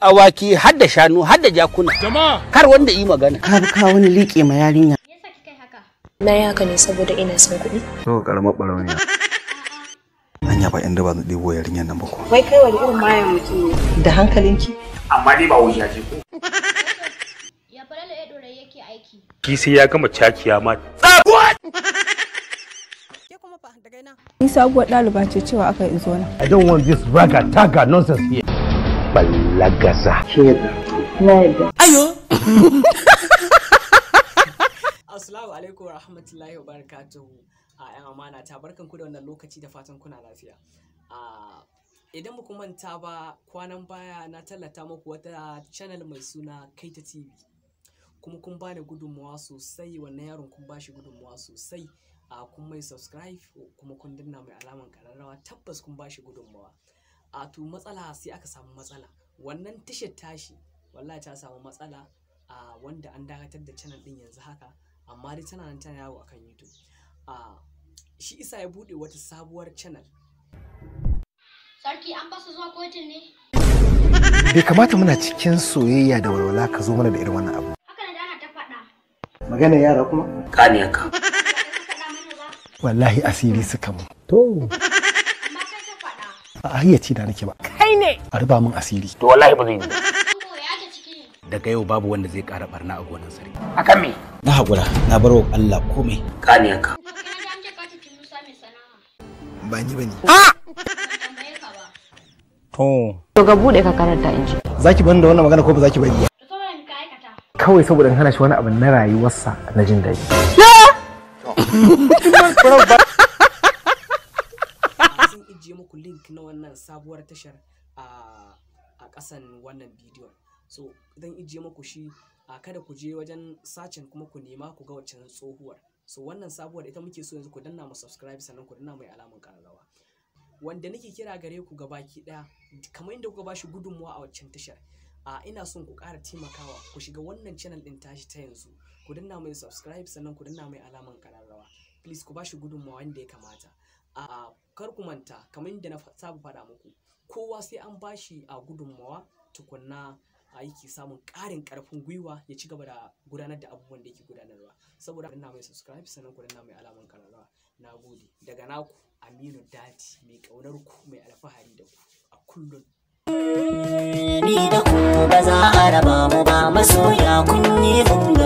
awaki har da shanu har da jakuna kar wanda yi magana ka ka wani liƙe ma yarinya na yi haka ne saboda ina son kuɗi to karamar barauniya hanya ba inda ba zan ɗebo yarinyar nan ba ko wai kai wani irin mayan mutum ne da hankalinki amma dai ba wuya ce ko ya falala ya dore yake aiki ki sai ya gama cakiya ma Isa guwa ɗaliba ce cewa aka izo zo na. I don't want this raga taga nonsense here. balagasa ayo assalamu alaikum wa rahmatullahi wa barakatuhu a ah, yan amana ta barkan ku da wannan lokaci da fatan kuna lafiya ah, idan muku manta ba kwanan baya na tallata muku wata channel mai suna kaita tv kuma kun bani gudunmuwa sosai wannan yaron kun bashi gudunmuwa sosai a ah, kun mai subscribe kuma kun danna mai alaman kararrawa tabbas kun bashi gudunmuwa. a to matsala sai aka samu matsala wannan tashar tashi wallahi ta samu matsala a wanda an dakatar da channel din yanzu haka amma dai tana nan tana yawo akan YouTube a shi isa ya bude wata sabuwar channel sarki an fasa zuwa kotun ne bai kamata muna cikin soyayya da walwala ka zo mana da irin wannan abu haka na dana ta faɗa magana yara kuma kaniya ka wallahi asiri suka mu to ba a hayyaci da nake ba kai ne a ruba min asiri to wallahi ba zai yi daga yau babu wanda zai kara barna a gonan sare akan me na hakura na bar wa Allah komai kaniyanka ba ni bane to to ga bude ka karanta inji zaki bani da wannan magana ko ba zaki bari ba kawai saboda hana shi wani abu na rayuwarsa na jin daɗi zan ijiye muku link na wannan sabuwar tashar a ƙasan wannan bidiyon so zan ijiye muku shi a kada ku je wajen sacin kuma ku nema ku ga waccan tsohuwar so wannan sabuwar ita muke so yanzu ku danna mu subscribe sannan ku danna mai alamun ƙararrawa wanda nake kira gare ku gabaki ɗaya kamar inda kuka bashi gudunmuwa a waccan tashar a ina son ku ƙara taimakawa ku shiga wannan channel ɗin tashi ta yanzu ku danna mai subscribe sannan ku danna mai alamun ƙararrawa please ku bashi gudunmuwa wanda ya kamata a kar ku manta kamar yadda na saba faɗa muku kowa sai an bashi a gudunmawa tukunna aiki samun ƙarin ƙarfin gwiwa ya ci gaba da gudanar da abubuwan da yake gudanarwa saboda na mai subscribe sannan ku na mai alaman kararrawa na gode daga naku aminu dati mai ƙaunar ku mai alfahari da ku a kullum ni da ku ba za a raba mu ba masoya kun yi